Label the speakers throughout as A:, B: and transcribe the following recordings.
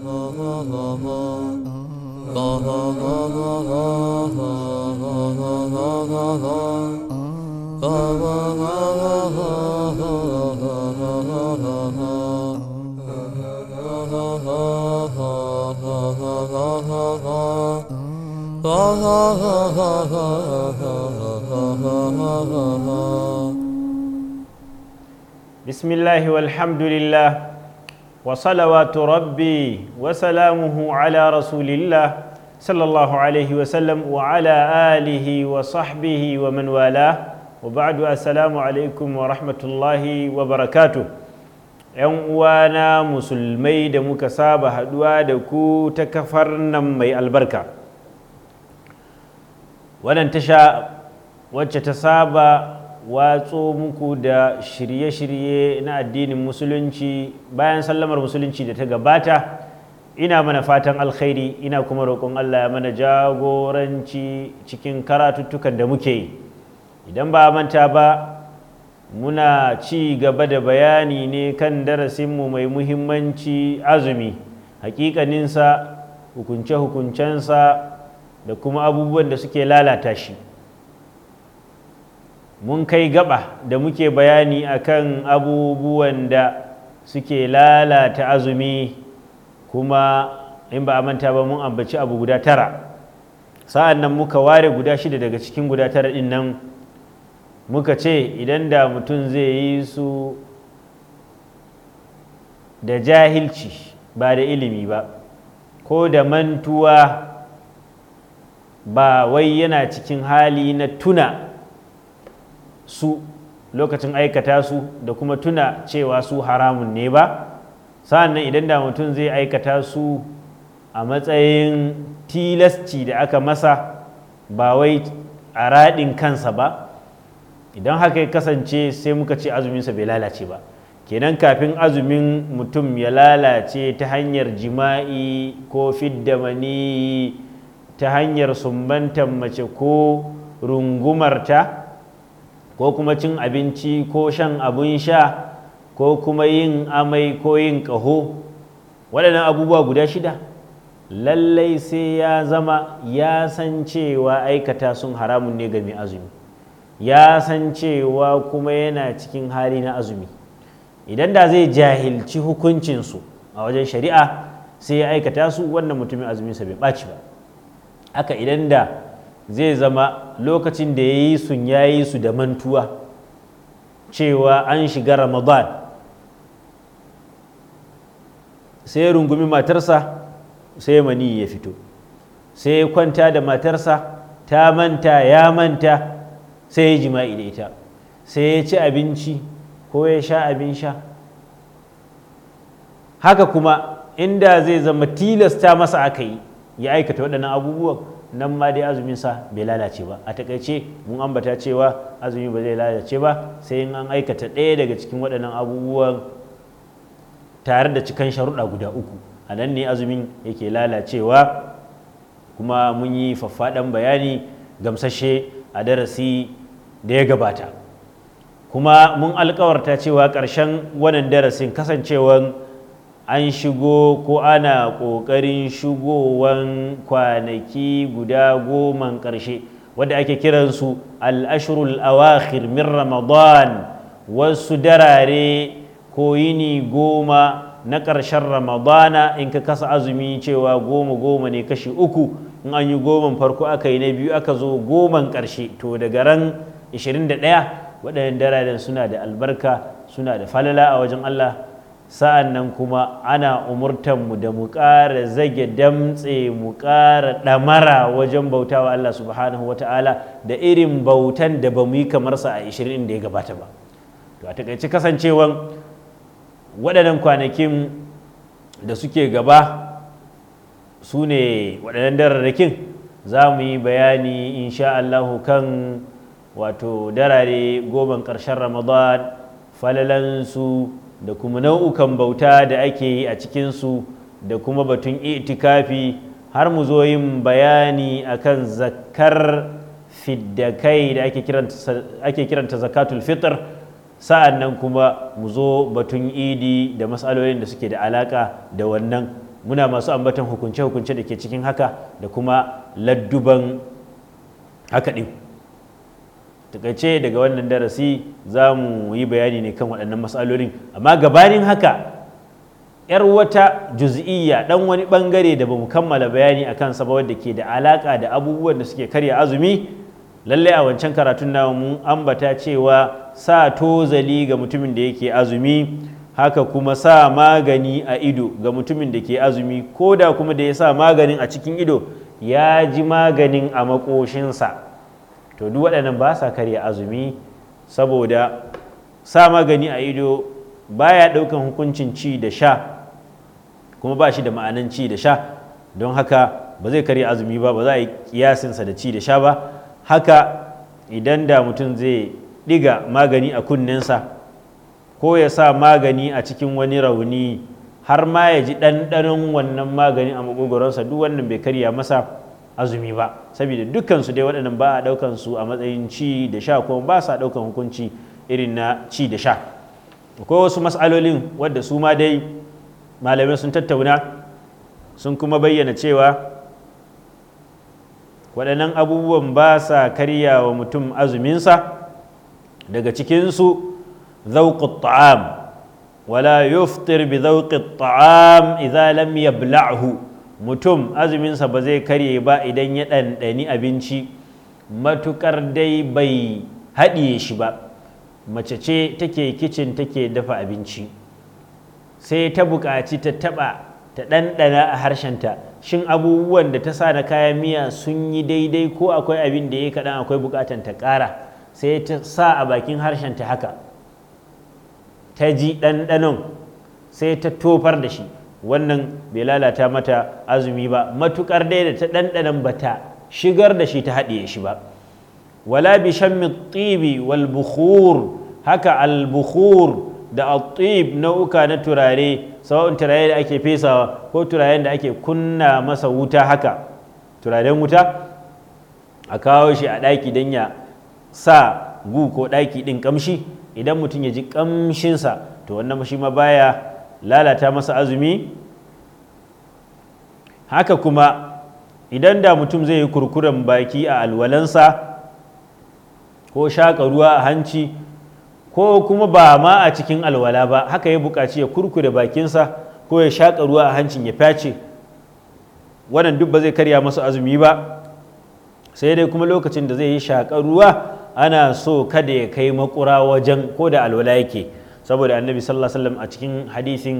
A: بسم الله والحمد لله وصلوات ربي وسلامه على رسول الله صلى الله عليه وسلم وعلى آله وصحبه ومن والاه وبعد السلام عليكم ورحمة الله وبركاته ‘Yan uwana musulmai da muka saba haɗuwa da ku ta kafar nan mai albarka. Wannan tasha wacce ta saba watso muku da shirye-shirye na addinin musulunci bayan sallamar musulunci da ta gabata ina mana fatan alkhairi ina kuma roƙon Allah ya mana jagoranci cikin karatuttukan da muke yi idan ba manta ba muna ci gaba da bayani ne kan darasinmu mai muhimmanci azumi hakikaninsa hukunce-hukuncensa da kuma abubuwan da suke lalata shi mun kai gaba da muke bayani akan abubuwan da suke lalata azumi kuma in ba a manta ba mun ambaci abu guda tara sa'an nan muka ware guda shida daga cikin guda tara din nan muka ce idan da mutum zai yi su da jahilci ba da ilimi ba ko da mantuwa ba wai yana cikin hali na tuna su lokacin aikata su da kuma tuna cewa su haramun ne ba sa'annan idan da mutum zai aikata su a matsayin tilasci da aka masa ba wai a raɗin kansa ba idan haka ya kasance sai muka ce azuminsa bai lalace ba kenan kafin azumin mutum ya lalace ta hanyar jima'i ko fidda mani ta hanyar sumbantar mace ko rungumarta ko kuma cin abinci ko shan abun sha ko kuma yin amai ko yin ƙaho waɗannan abubuwa guda shida lallai sai ya zama ya san cewa aikata sun haramun ne ga mai azumi ya san cewa kuma yana cikin hali na azumi idan da zai jahilci hukuncinsu a wajen shari'a sai ya aikata su wannan mutumin azuminsa bai ɓaci ba haka idan da zai zama lokacin da ya yi sun ya yi su da mantuwa cewa an shiga ramadan sai rungumi matarsa sai mani ya fito sai ya kwanta da matarsa ta manta ya manta sai ya jima'i da ita sai ya ci abinci ko ya sha abin sha haka kuma inda zai zama tilasta masa aka yi ya aikata waɗannan abubuwan nan ma dai azumin sa bai lalace ba a takaice mun ambata cewa azumi ba zai lalace ba sai in an aikata ɗaya daga cikin waɗannan abubuwan tare da cikan sharuɗa guda uku a nan ne azumin yake lalacewa kuma mun yi faffaɗan bayani gamsashe a darasi da ya gabata kuma mun alkawarta cewa ƙarshen wannan darasin kasancewan an shigo ko ana ƙoƙarin shigowan kwanaki guda goman ƙarshe wadda ake kiransu al'ashirul awakhir min ramadan wasu darare ko yini goma na ƙarshen ramadana in ka kasa azumi cewa goma goma ne kashi uku in an yi goman farko aka yi na biyu aka zo goman ƙarshe to daga ran 21 waɗannan dararen suna da albarka suna da falala a wajen allah sa'an nan kuma ana umurtanmu da mu ƙara zage damtse mu ƙara ɗamara wajen bauta wa Allah subhanahu wa ta'ala da irin bautan da ba mu yi kamarsa a 20 da ya gabata ba to a takaice kasancewan waɗannan kwanakin da suke gaba su ne waɗannan dararrakin za mu yi bayani insha Allahu kan wato darare goma ƙarshen ramadan falalansu da kuma nau'ukan bauta da ake yi a cikinsu da kuma batun itikafi har mu zo yin bayani a kan zakar fiddakai da ake kiranta zakatul fitr sa'an nan kuma mu zo batun idi da matsalolin da suke da alaka da wannan muna masu ambatan hukunce-hukunce da ke cikin haka da kuma ladduban haka ɗin takaice daga wannan darasi za mu yi bayani ne kan waɗannan matsalolin amma gabanin haka yar wata juz'iyya ɗan wani bangare da bamu kammala bayani a kansa ba wadda ke da alaka da abubuwan da suke karya azumi lallai a wancan karatun namu mu ambata cewa sa tozali ga mutumin da yake azumi haka kuma sa magani a ido ga mutumin da ke azumi ko da kuma da ya sa maganin a cikin ido ya ji maganin a makoshinsa to duk waɗannan ba sa karya azumi saboda sa magani a ido baya ɗaukan hukuncin ci da sha kuma ba shi da ma'anan ci da sha don haka ba zai karya azumi ba ba za a yi kiyasinsa da ci da sha ba haka idan da mutum zai ɗiga magani a kunnensa ko ya sa magani a cikin wani rauni har ma ya ji ɗanɗanon wannan magani a maƙogwaronsa duk wannan bai karya masa azumi ba saboda dukkansu dai waɗannan ba a ɗaukan su a matsayin ci da sha kuma ba sa ɗaukan hukunci irin na ci da sha akwai wasu matsalolin wadda su ma dai malamai sun tattauna sun kuma bayyana cewa waɗannan abubuwan ba sa karya wa mutum azuminsa daga cikinsu zauƙi ta'am wala yuftir bi zauƙi ta'am idza lam yabla'hu mutum azuminsa ba zai karye ba idan ya ɗanɗani abinci matuƙar dai bai haɗiye shi ba mace ce take kicin take dafa abinci sai ta buƙaci ta taɓa ta ɗanɗana a harshenta shin abubuwan da ta sa na kayan miya sun yi daidai ko akwai abin da ya kaɗan akwai buƙatan ta ƙara sai ta sa a bakin harshenta haka ta ji ɗanɗanon sai ta tofar da shi wannan bai lalata mata azumi ba matukar dai da ta ɗanɗanan ba ta shigar da shi ta haɗiye shi ba wala bi shammi wal bukhur haka al bukhur da al tib nau'uka na turare sawa'un turare da ake fesawa ko turaren da ake kunna masa wuta haka turaren wuta a kawo shi a ɗaki don ya sa gu ko ɗaki ɗin ƙamshi idan mutum ya ji ƙamshinsa to wannan shi ma baya lalata masa azumi haka kuma idan da mutum zai yi kurkuren baki a alwalansa ko shaƙa ruwa a hanci ko kuma ba ma a cikin alwala ba haka ya buƙaci ya kurkure bakinsa ko ya shaƙa ruwa a hancin ya face wannan duk ba zai karya masa azumi ba sai dai kuma lokacin da zai yi shaƙa ruwa ana so kada ya kai makura wajen ko da alwala yake saboda annabi sallallahu alaihi wasallam a cikin hadisin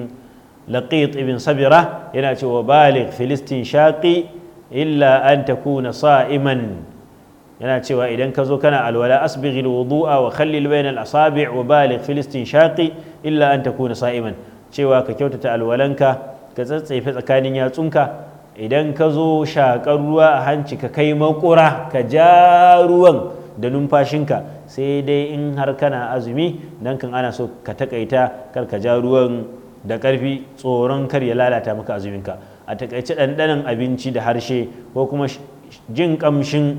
A: laqit ibn sabira yana cewa baligh filistin shaqi illa an takuna sa'iman yana cewa idan ka zo kana alwala asbighil wudu'a wa khallil bainal asabi' wa baligh filistin shaqi illa an takuna sa'iman cewa ka kyautata alwalanka ka tsatsefe tsakanin yatsunka idan ka zo shaƙar ruwa a hanci ka kai makura ka ja ruwan da numfashinka sai dai in har kana azumi dan kan ana so ka takaita kar ka ja ruwan da karfi tsoron kar ya lalata maka azuminka a takaice ɗanɗanon abinci da harshe ko kuma jin ƙamshin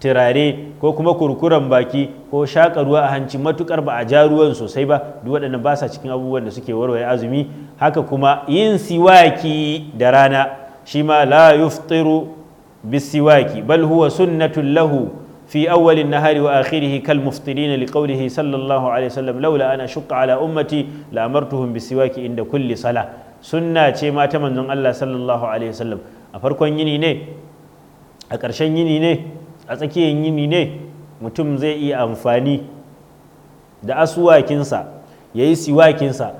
A: turare ko kuma kurkuren baki ko shaƙa ruwa a hanci matukar ba a ja ruwan sosai ba duk waɗannan ba sa cikin abubuwan da suke warware azumi haka kuma yin siwaki da rana shi ma la yuftiru bisiwaki bal huwa sunnatul lahu في أول النهار وآخره كالمفطرين لقوله صلى الله عليه وسلم لولا أن أشق على أمتي لأمرتهم بالسواك عند كل صلاة سنة ما تمنون الله صلى الله عليه وسلم أفركون يني ني أكرشن يني ني أتكي يني ني متم زي أنفاني da asuwakinsa ya yi siwakinsa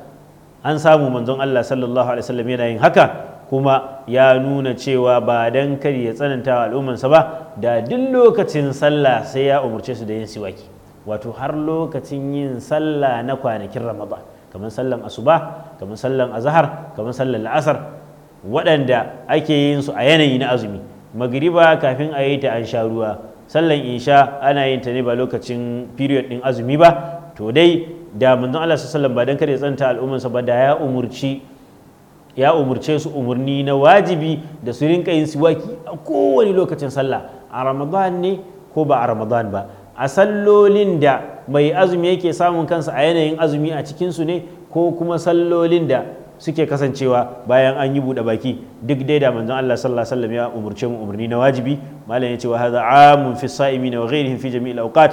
A: an samu manzon Allah sallallahu alaihi wasallam yana yin haka kuma ya nuna cewa ba dan kar ya tsananta wa al'ummansa ba da duk lokacin sallah sai ya umarce su da yin siwaki wato har lokacin yin sallah na kwanakin ramadan kamar sallan asuba kamar sallan azahar kamar sallan la'asar waɗanda ake yin su a yanayi na azumi magriba kafin a yi ta an sha ruwa sallan insha ana yin ta ne ba lokacin period din azumi ba to dai da manzon Allah sallallahu ba dan kada ya tsanta al'ummarsa ba da ya umurci ya umurce su umurni na wajibi da su rinka yin siwaki a kowane lokacin sallah a ramadan ne ko ba a ramadan ba a sallolin da mai azumi yake samun kansa a yanayin azumi a cikinsu ne ko kuma sallolin da suke kasancewa bayan an yi buɗe baki duk dai da manzon Allah sallallahu alaihi wasallam ya umurce mu umurni na wajibi malam ya ce wa hadha amun fi sa'imin wa ghairihim fi jami'il awqat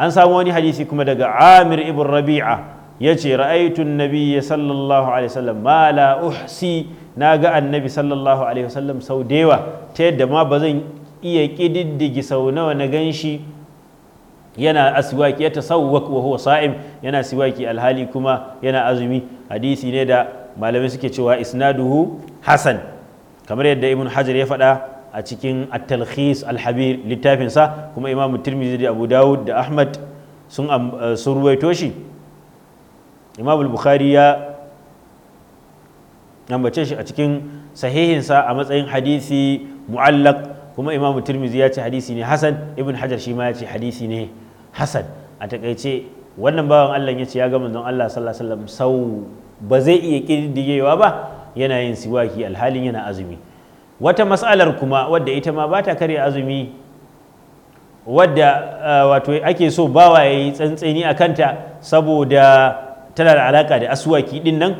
A: an samu wani hadisi kuma daga Amir ibn Rabi'a ya ce ra'aitun nabiyya sallallahu alaihi wasallam ma la uhsi na ga annabi sallallahu alaihi wasallam sau da yawa ta yadda ma ba zan iya ƙididdigi sau nawa na gan shi yana asiwaki ya tasawwak wa huwa sa'im yana siwaki alhali kuma yana azumi hadisi ne da malamai suke cewa isnaduhu hasan kamar yadda ibn hajar ya faɗa a cikin at-talkhis al-habir littafinsa kuma imam tirmidhi da abu dawud da ahmad sun ruwaito shi imam bukhari ya ambace shi a cikin sahihinsa a matsayin hadisi mu'allaq kuma imam tirmizi ya ce hadisi ne hasan ibn hajar shi ma ya ce hadisi ne Hassan a takaice wannan bawan allah ya ce ya ga manzon allah sallallahu alaihi sau ba zai iya kididdigewa ba yana yin siwaki alhalin yana azumi wata matsalar kuma wadda ita ma ba ta karya azumi wadda eh, wato ake so bawa ya yi tsantseni a kanta saboda tana da alaka da aswaki din nan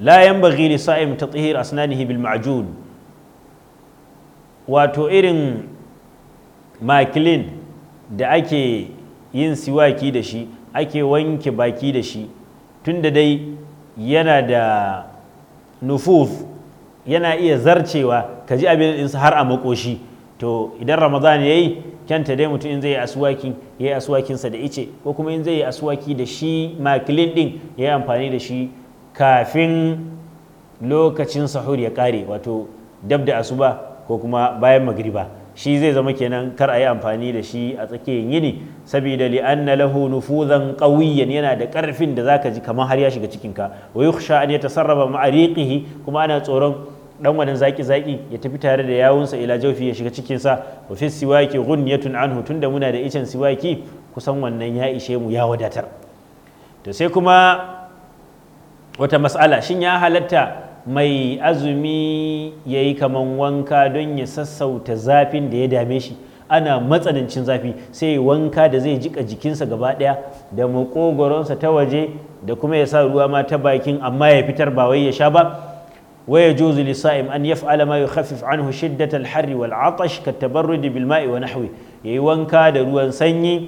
A: la yanbaghi li sa'im tathhir asnanihi bil ma'jun wato irin makilin da ake yin siwaki da shi ake wanke baki da shi tunda dai yana da nufuf yana iya zarcewa ka ji abin har a makoshi to idan ramadan ya yi kyanta dai mutum in zai yi asuwaki ya yi aswakinsa da ice ko kuma in zai yi asuwaki da shi makilin din ya yi amfani da shi kafin lokacin sahur ya kare wato dab da asuba ko kuma bayan magriba shi zai zama kenan kar a yi amfani da shi a tsakiyar yini saboda li na lahu nufuzan qawiyyan yana da ƙarfin da zaka ji kamar har ya shiga cikinka wa sha an ta sarrafa riqihi kuma ana tsoron dan wadan zaki zaki ya tafi tare da yawunsa ila jawfi ya shiga cikin sa wa fi siwaki ghunyatun anhu tunda muna da icen siwaki kusan wannan ya ishe mu ya wadatar to sai kuma wata mas'ala shin ya halatta mai azumi yayi yi kaman wanka don ya sassauta zafin da ya dame shi ana matsanancin zafi sai wanka da zai jika jikinsa gaba ɗaya da makogoronsa ta waje da kuma ya sa ruwa ma ta bakin amma ya fitar ba wai ya sha ba ويجوز للصائم أن يفعل ما يخفف عنه شدة الحر والعطش كالتبرد بالماء ونحوه يوانكا دروان سني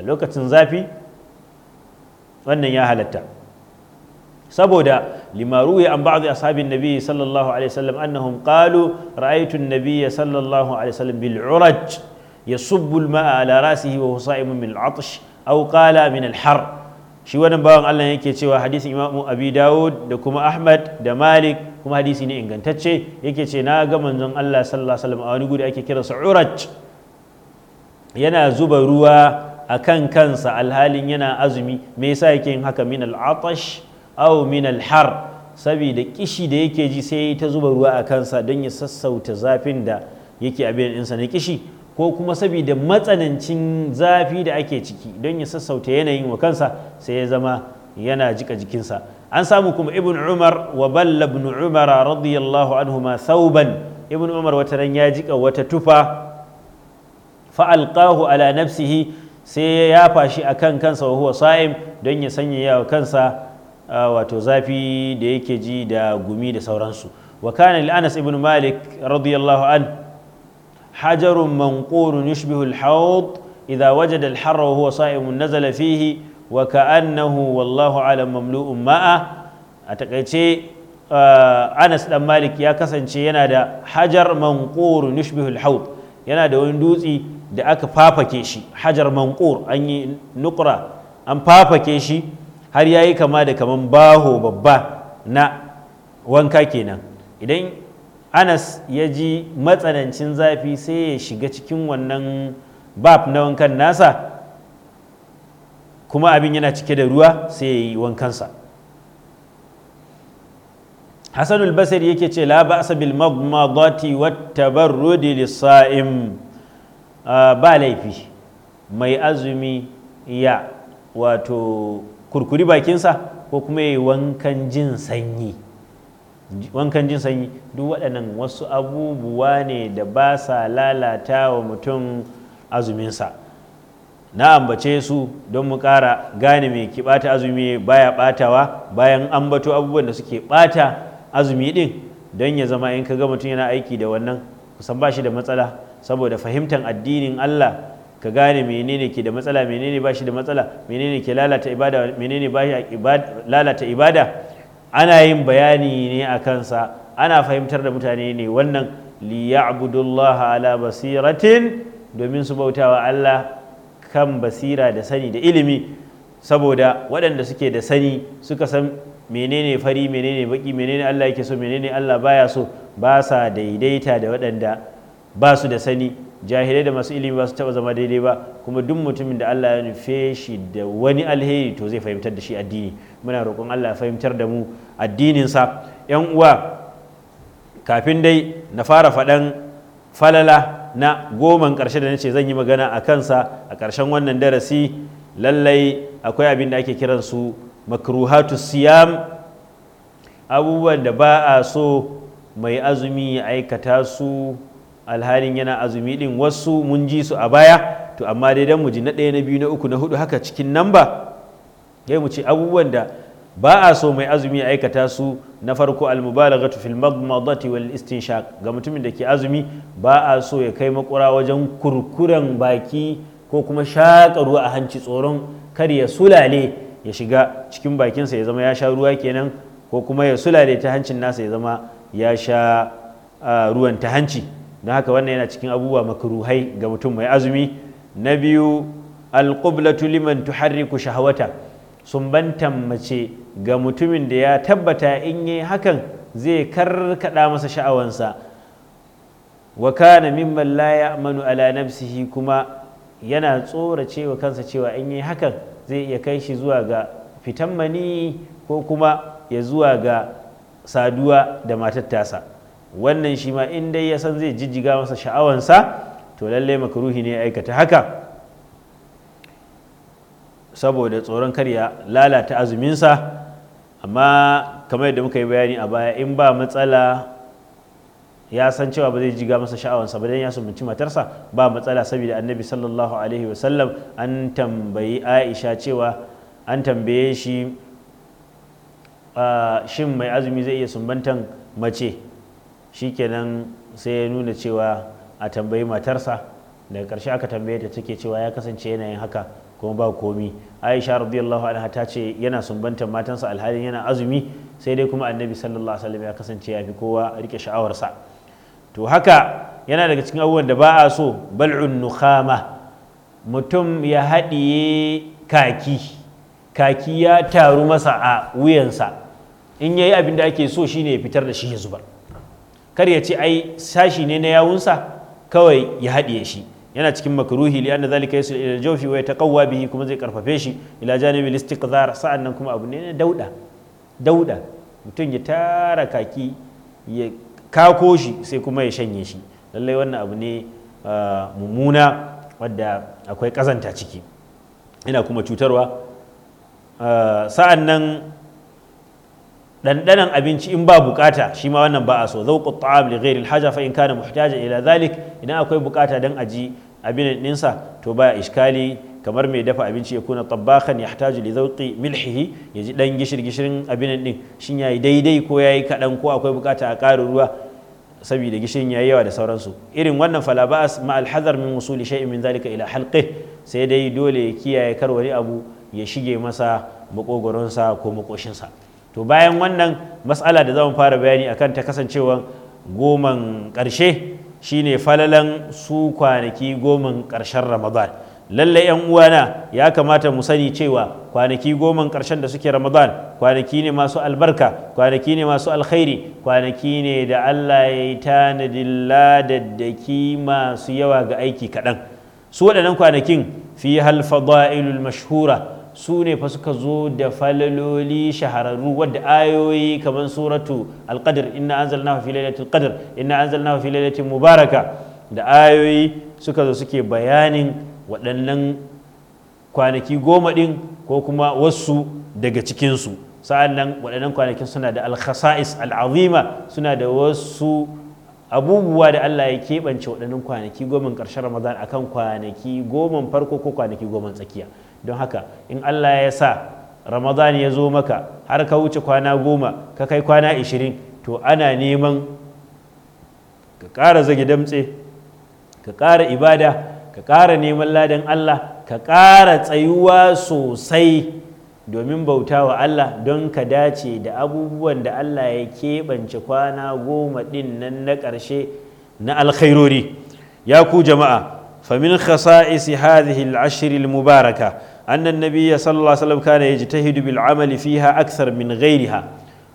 A: اللوكة تنزافي وأن يا هلتا سبودا لما روي عن بعض أصحاب النبي صلى الله عليه وسلم أنهم قالوا رأيت النبي صلى الله عليه وسلم بالعرج يصب الماء على رأسه وهو صائم من العطش أو قال من الحر shi wannan bawan Allah yake cewa hadisin Imam Abi Dawud da kuma Ahmad da Malik kuma hadisi ne ingantacce yake ce na ga manzon Allah sallallahu alaihi wasallam a wani guri ake kira sa uraj yana zuba ruwa akan kansa alhalin yana azumi me yasa yake yin haka min al-atash aw min al-har saboda kishi da yake ji sai ta zuba ruwa a kansa don ya sassauta zafin da yake a abin insa na kishi ko kuma saboda matsanancin zafi da ake ciki don ya sassauta yanayin wa kansa sai ya zama yana jika jikinsa an samu kuma ibn umar wa balla ibn umar radiyallahu anhu ma sauban ibn umar wata ran ya jika wata tufa fa alqahu ala nafsihi sai ya yafa shi akan kansa wa huwa sa'im don ya sanya kansa wato zafi da yake ji da gumi da sauransu wa kana li anas ibn malik radiyallahu an hajarun manqurun yushbihu al-hawd idha wajada al-harra wa huwa sa'im nazala fihi wa ka'annahu wallahu alam mamlu'un ma'a a takaice uh, Anas dan Malik ya kasance yana da hajar manqur nushbihul haud yana da wani dutsi da aka fafake shi hajar manqur an yi nukra an fafake shi har yayi kama da kaman baho babba na wanka kenan idan Anas ya ji matsanancin zafi sai ya shiga cikin wannan bab na wankan nasa kuma abin yana cike da ruwa sai ya yi wankansa hassan albasir yake ce la ba bil magmadati wata lissa'im ah, ba laifi mai azumi ya wato kurkuri bakinsa ko kuma ya yi wankan jin sanyi wankan jin sanyi duk waɗannan wasu abubuwa ne da ba sa lalata wa mutum azuminsa na ambace su don mu ƙara gane mai ke ɓata azumi baya batawa bayan ambato abubuwan da suke ɓata azumi ɗin don ya zama in ka ga mutum yana aiki da wannan kusan ba shi da matsala saboda fahimtar addinin Allah ka gane menene ke da matsala menene ba shi da matsala menene ke lalata ibada menene ba lalata ibada ana yin bayani ne a kansa ana fahimtar da mutane ne wannan liya'budullaha ala basiratin domin su bautawa Allah kan basira da sani da ilimi saboda waɗanda suke da sani suka san menene fari menene baki menene Allah yake so menene Allah baya so ba sa daidaita da waɗanda ba su da sani jahilai da masu ilimi ba su taɓa zama daidai ba kuma duk mutumin da Allah ya nufe shi da wani alheri to zai fahimtar da shi addini muna roƙon Allah ya fahimtar da mu addininsa yan uwa kafin dai na fara faɗan falala na goman ƙarshe da nace zan yi magana a kansa a ƙarshen wannan darasi lallai akwai abin da ake kiransu makruhatu siyam abubuwan da ba a so mai azumi ya aikata su alhalin yana azumi ɗin wasu mun ji su a baya to amma dai dan mu ji na ɗaya na biyu na uku na hudu haka cikin namba Yai mu ce abubuwan da ba a so mai azumi ya aikata su na farko almubalaghatu fil magmadati wal istinshaq ga mutumin da ke azumi ba a so ya kai makura wajen kurkuren baki ko kuma shaƙa ruwa a hanci tsoron kar ya sulale ya shiga cikin bakinsa ya zama ya sha ruwa kenan ko kuma ya sulale ta hancin nasa ya zama ya sha ruwan ta hanci don haka wannan yana cikin abubuwa makruhai ga mutum mai azumi na biyu alqublatu liman tuharriku shahawata sumbantan mace ga mutumin da ya tabbata in yi hakan zai karkada masa sha'awansa wa kana mimman la ya'manu ala nafsihi kuma yana tsorace wa kansa cewa in yi hakan zai iya kai shi zuwa ga fitan mani ko kuma ya zuwa ga saduwa da matar wannan shi ma in dai ya san zai jijjiga masa sha'awansa to lallai makruhi ne aikata haka saboda tsoron karya lalata azuminsa amma kamar yadda muka yi bayani a baya in ba matsala ya san cewa ba zai jiga masa sha'awansa ba dan ya sumbanci matarsa ba matsala saboda annabi sallallahu alaihi wasallam an tambayi aisha cewa an tambaye shi shin mai azumi zai iya sumbantan mace shikenan sai ya nuna cewa a tambayi matarsa daga karshe aka tambaye ta take cewa ya kasance yanayin haka kuma ba komi aisha radiyallahu anha ta ce yana sumbanta matansa alhalin yana azumi sai dai kuma annabi sallallahu alaihi wasallam ya kasance ya fi kowa rike sha'awarsa to haka yana daga cikin abubuwan da ba a so bal'un nukhama mutum ya haɗiye kaki kaki ya taru masa a wuyansa in yayi abin da ake so shine ya fitar da shi ya zubar kar ya ce ai sashi ne na yawunsa kawai ya haɗiye shi yana cikin makruhi li anna zalika yasul ila jawfi wa yataqawwa bihi kuma zai karfafe shi ila janibil istiqzar sa'an nan kuma abu ne na dauda dauda mutum ya tara kaki ya kako shi sai kuma ya shanye shi lallai wannan abu ne ah, mummuna wadda akwai kazanta ciki yana kuma cutarwa ah, sa'an nan ɗanɗanan abinci in ba bukata shi ma wannan ba a so zau ta'am li ghairi haja fa in kana muhtaja ila zalik idan akwai bukata dan aji abin ɗinsa to baya iskali kamar mai dafa abinci ya kuna tabbakan yahtaju li zauqi milhihi ya ji dan gishir gishirin abin ɗin shin yayi daidai ko yayi kaɗan ko akwai bukata a ƙara ruwa saboda gishirin yayi yawa da sauransu irin wannan fala ba'as ma alhazar min wusuli shay'in min zalika ila halqi sai dai dole ya kiyaye kar wani abu ya shige masa makogoronsa ko makoshinsa to bayan wannan matsala da zamu fara bayani akan ta kasancewa goman ƙarshe shine falalan su kwanaki goman ƙarshen ramadan lallai yan uwana ya kamata mu sani cewa kwanaki goman ƙarshen da suke ramadan kwanaki ne masu albarka kwanaki ne masu alkhairi kwanaki ne da allah ya yi tanadin ladaddaki masu yawa ga aiki kaɗan su waɗannan kwanakin fi hal fada'ilul mashhura su ne fa suka zo da falaloli shahararru wadda ayoyi kamar suratu alqadar inna anzalnahu fi lailatul qadr inna fi lailatin mubaraka da ayoyi suka zo suke bayanin waɗannan kwanaki goma ɗin ko kuma wasu daga cikinsu su nan waɗannan kwanakin suna da alkhasa'is al'azima suna da wasu abubuwa da Allah ya keɓance waɗannan kwanaki goma ƙarshen ramadan akan kwanaki goma farko ko kwanaki goma tsakiya don haka in allah ya sa ramadan ya zo maka har ka wuce kwana goma ka kai kwana ishirin to ana neman ka ƙara zage damtse ka ƙara ibada ka ƙara neman ladan allah ka ƙara tsayuwa sosai domin bauta wa allah don ka dace da abubuwan da allah ya keɓance kwana goma ɗin nan na ƙarshe na alkhairori ya ku jama'a فمن خصائص هذه العشر المباركة أن النبي صلى الله عليه وسلم كان يجتهد بالعمل فيها أكثر من غيرها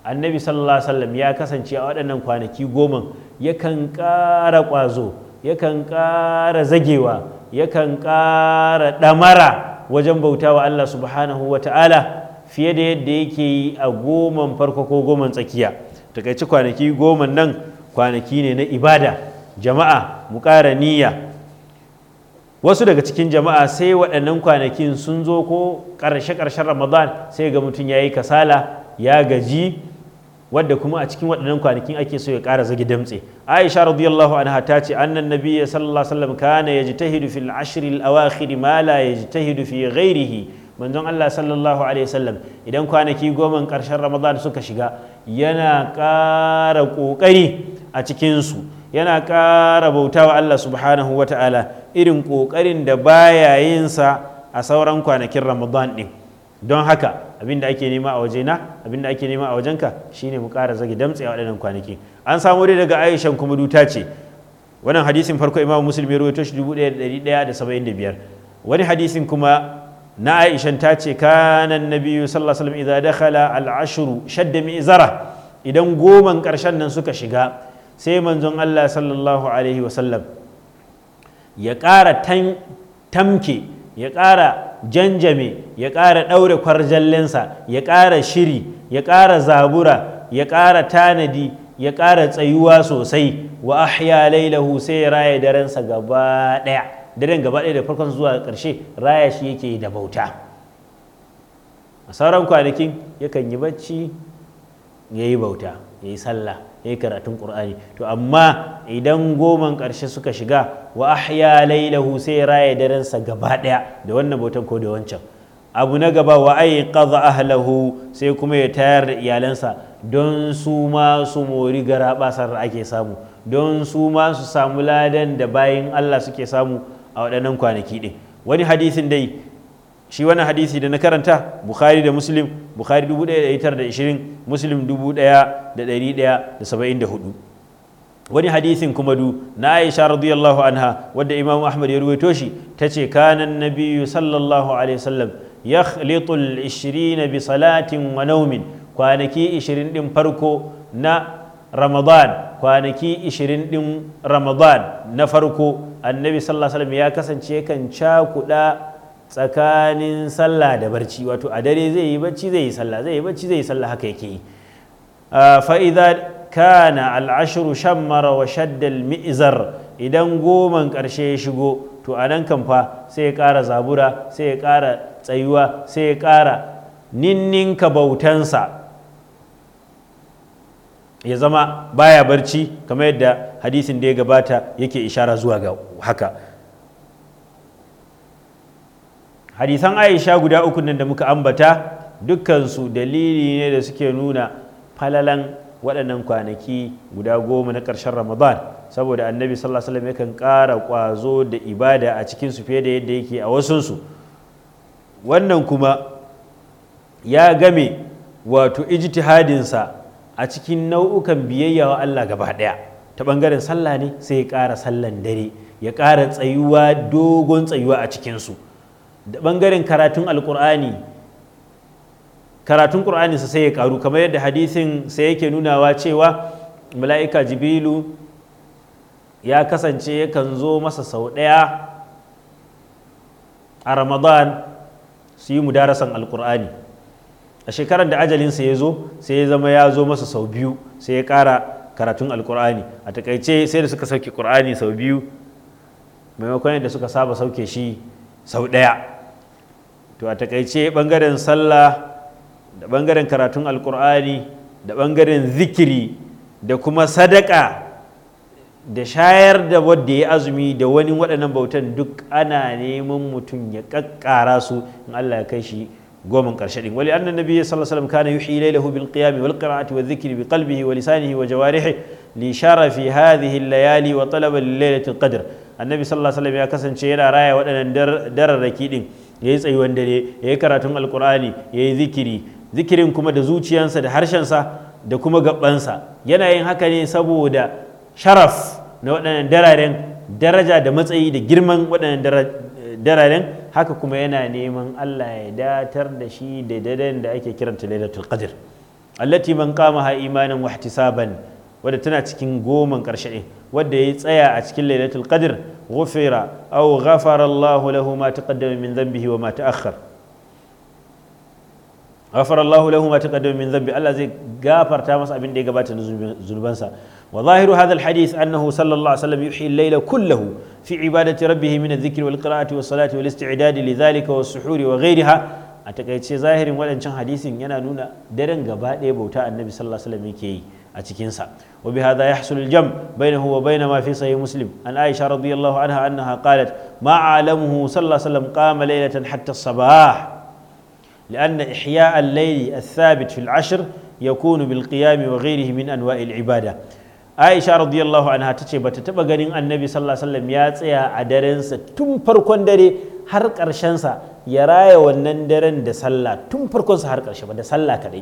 A: annabi sallallahu alaihi ya kasance a waɗannan kwanaki goma yakan ƙara ƙwazo yakan ƙara zagewa yakan ƙara ɗamara wajen bautawa Allah subhanahu wa ta'ala fiye da yadda yake yi a goman farko ko goman tsakiya takaici kwanaki goma nan kwanaki ne na ibada jama'a mu ƙara niyya wasu daga cikin jama'a sai waɗannan kwanakin sun zo ko ƙarshe-ƙarshen ramadan sai ga mutum ya yi kasala ya gaji wadda kuma a cikin waɗannan kwanakin ake so ya ƙara zagi damtse aisha radiyallahu anha ta ce annan nabiyya sallallahu alaihi wasallam kana yajtahidu fil ashr al awakhir ma la yajtahidu fi ghairihi manzon Allah sallallahu alaihi wasallam idan kwanaki goma ƙarshen ramadan suka shiga yana ƙara ƙoƙari a cikin su yana ƙara bautawa Allah subhanahu wata'ala irin ƙoƙarin da baya yinsa a sauran kwanakin ramadan ɗin don haka abin da ake nema a wajena abin da ake nema a wajenka shine mu ƙara zagi damtse a waɗannan kwanaki an samu dai daga Aisha kuma duta ce wannan hadisin farko imam muslim ya rawaito shi 1175 wani hadisin kuma na Aisha ta ce kanan nabiyu sallallahu alaihi wasallam idza dakhala al ashr shadda mi'zara idan goman ƙarshen nan suka shiga sai manzon Allah sallallahu alaihi wasallam ya ƙara tamke ya ƙara janjame ya ƙara ɗaure kwarjallensa ya ƙara shiri ya ƙara zabura ya ƙara tanadi ya ƙara tsayuwa sosai wa ahya lailahu sai ya raya darensa gaba ɗaya daren gaba ɗaya da farkon zuwa ƙarshe raya shi yake da bauta a sauran kwanakin yakan yi bacci ya yi bauta ya yi sallah ya yi karatun ƙur'ani to amma idan goman ƙarshe suka shiga wa ahya lailahu sai raya darensa gaba ɗaya da wannan bautan ko da wancan abu na gaba wa ai a ahlahu sai kuma ya tayar da iyalansa don su ma su mori gara basar da ake samu don su ma su samu ladan da bayan Allah suke samu a waɗannan kwanaki ɗin wani hadisin dai shi wani hadisi da na karanta bukhari da muslim bukhari 1920 muslim 1174 wani hadisin kuma du na aisha radiyallahu anha wadda imam ahmad ya ruwaito shi ta ce kanan nabiyu sallallahu alaihi wasallam ya khlitul ishirin bi salatin wa naumin kwanaki ishirin din farko na ramadan kwanaki ishirin din ramadan na farko annabi sallallahu alaihi wasallam ya kasance kan cakuda tsakanin sallah da barci wato a dare zai yi barci zai yi sallah zai yi barci zai yi sallah haka yake yi fa idza kana al'ashiru shan shammara wa shadda al idan goman karshe ya shigo to a nan kan fa sai ya ƙara zabura sai ya ƙara tsayuwa sai ya ƙara ninninka bautansa ya zama baya barci kamar yadda hadisin da ya gabata yake ishara zuwa ga haka hadisan aisha guda uku nan da muka ambata dukkansu dalili ne da suke nuna falalan waɗannan kwanaki guda goma na ƙarshen ramadan saboda annabi sallallahu alaihi wasallam yakan ƙara ƙwazo da ibada a cikinsu fiye da yadda yake a wasunsu wannan kuma ya game wato ijtihadinsa a cikin nau'ukan biyayya wa Allah gaba ɗaya ta ɓangaren sallah ne sai ya ƙara sallan dare ya ƙara tsayuwa dogon tsayuwa a cikinsu da ɓangaren karatun alƙur'ani karatun ƙur'ani sa sai ya ƙaru kamar yadda hadisin sai yake nunawa cewa mala'ika jibilu ya kasance yakan zo masa sau ɗaya a ramadan su yi mudarasan alkur'ani a shekarar da ajalinsa ya zo sai ya zama ya zo masa sau biyu sai ya ƙara karatun alkur'ani a takaice sai da suka sauke ƙur'ani sau biyu maimakon yadda suka saba sauke shi sau ɗaya to a takaice bangaren sallah da bangaren karatun alkur'ani da bangaren zikiri da kuma sadaka da shayar da wadda ya azumi da wani waɗannan bautan duk ana neman mutum ya ƙaƙƙara su in Allah ya kai shi gomin ƙarshe ɗin wali annan nabi sallallahu alaihi wasallam kana yuhyi laylahu bil qiyam wal qira'ati wa dhikri bi qalbihi wa lisanihi wa jawarihi li sharafi fi hadhihi al layali wa talaba li lailatul al qadr annabi sallallahu alaihi wasallam ya kasance yana raya waɗannan dararraki ɗin ya yi tsayuwan dare ya yi karatun alkur'ani ya yi zikiri zikirin kuma da zuciyansa da harshensa da kuma gabansa yana yin haka ne saboda sharaf na waɗannan dararen daraja da matsayi da girman waɗannan dararen haka kuma yana neman Allah ya datar da shi da daren da ake kiranta lailatul qadr allati man ha imanan wa ihtisaban wadda tana cikin goman ƙarshe wadda ya tsaya a cikin lailatul qadr غفر أو غفر الله له ما تقدم من ذنبه وما تأخر غفر الله له ما تقدم من ذنبه الله زي غفر تامس أبن دي قبات زنبانسا وظاهر هذا الحديث أنه صلى الله عليه وسلم يحيي الليل كله في عبادة ربه من الذكر والقراءة والصلاة والاستعداد لذلك والسحور وغيرها أتكيت ظاهر ولا حديث ينا نونا درن قبات بوتاء النبي صلى الله عليه وسلم يكيه a cikinsa wa bi hadha yahsul al-jam bainahu wa bain ma fi sahih muslim an aisha radiyallahu anha annaha qalat ma alamuhu sallallahu alaihi wasallam qama laylatan hatta as-sabah لأن إحياء الليل الثابت في العشر يكون بالقيام وغيره من أنواع العبادة Aisha radiyallahu anha ta ce bata taɓa ganin Annabi sallallahu ya tsaya a darensa tun farkon dare har ƙarshensa ya raya wannan daren da sallah tun farkonsa har ƙarshe ba da sallah kaɗai.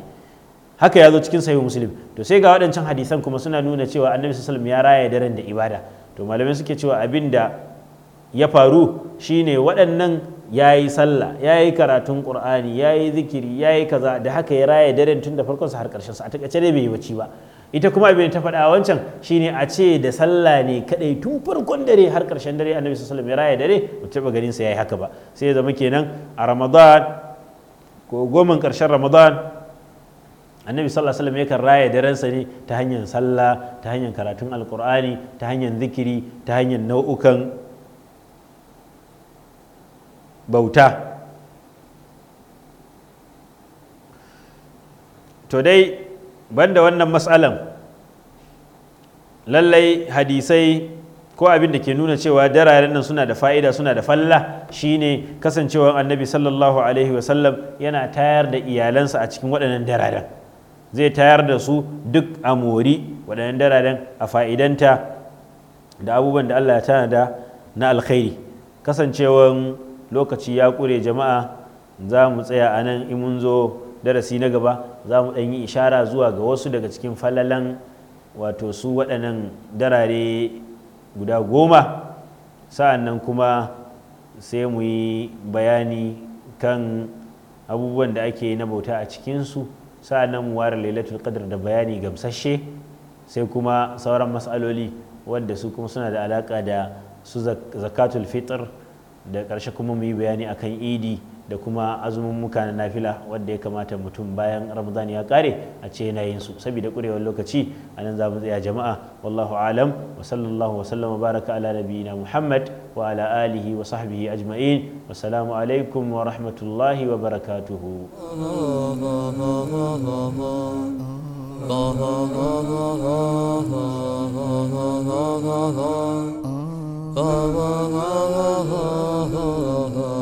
A: haka ya zo cikin sahihu muslim to sai ga waɗancan hadisan kuma suna nuna cewa annabi sallallahu ya raya daren da ibada to malamai suke cewa abin da ya faru shine waɗannan ya yi sallah ya yi karatun qur'ani ya yi zikiri ya yi kaza da haka ya raya daren tun da farkon sa har karshen sa a takaice dai bai yi bacci ba ita kuma abin ta faɗa wancan shine a ce da sallah ne kadai tun farkon dare har karshen dare annabi sallallahu ya raya dare ba taɓa ganin sa yayi haka ba sai ya zama kenan a ramadan ko goma karshen ramadan annabi sallallahu alaihi wasallam yakan raya ne ta hanyar sallah ta hanyar karatun alkur'ani ta hanyar zikiri ta hanyar nau'ukan bauta to dai banda wannan matsalan lallai hadisai ko abin da ke nuna cewa dararen nan suna da fa'ida suna da falla shine kasancewar annabi sallallahu alaihi wasallam yana tayar da iyalansa a cikin waɗannan dararen zai tayar da su duk a mori waɗannan dararen a fa'idanta da abubuwan da Allah ya da na alkhairi kasancewan lokaci ya ƙure jama'a za mu tsaya a nan in mun zo darasi na gaba za mu ɗan yi ishara zuwa ga wasu daga cikin falalan wato su waɗannan darare guda goma sa'an nan kuma sai mu yi bayani kan abubuwan da ake na bauta a cikinsu nan mu ware lailatul qadr da bayani gamsashe sai kuma sauran matsaloli wanda su kuma suna da alaka da su zakatul fitr da ƙarshe kuma mu yi bayani akan idi da kuma azumin muka na nafila wadda ya kamata mutum bayan ramadan ya kare a ce yana yin su saboda kurewar lokaci a nan za mu tsaya jama'a wallahu alam wa sallallahu wa sallama baraka ala nabiyina muhammad wa ala alihi wa sahbihi ajma'in wasalamu alaikum wa rahmatullahi wa barakatuhu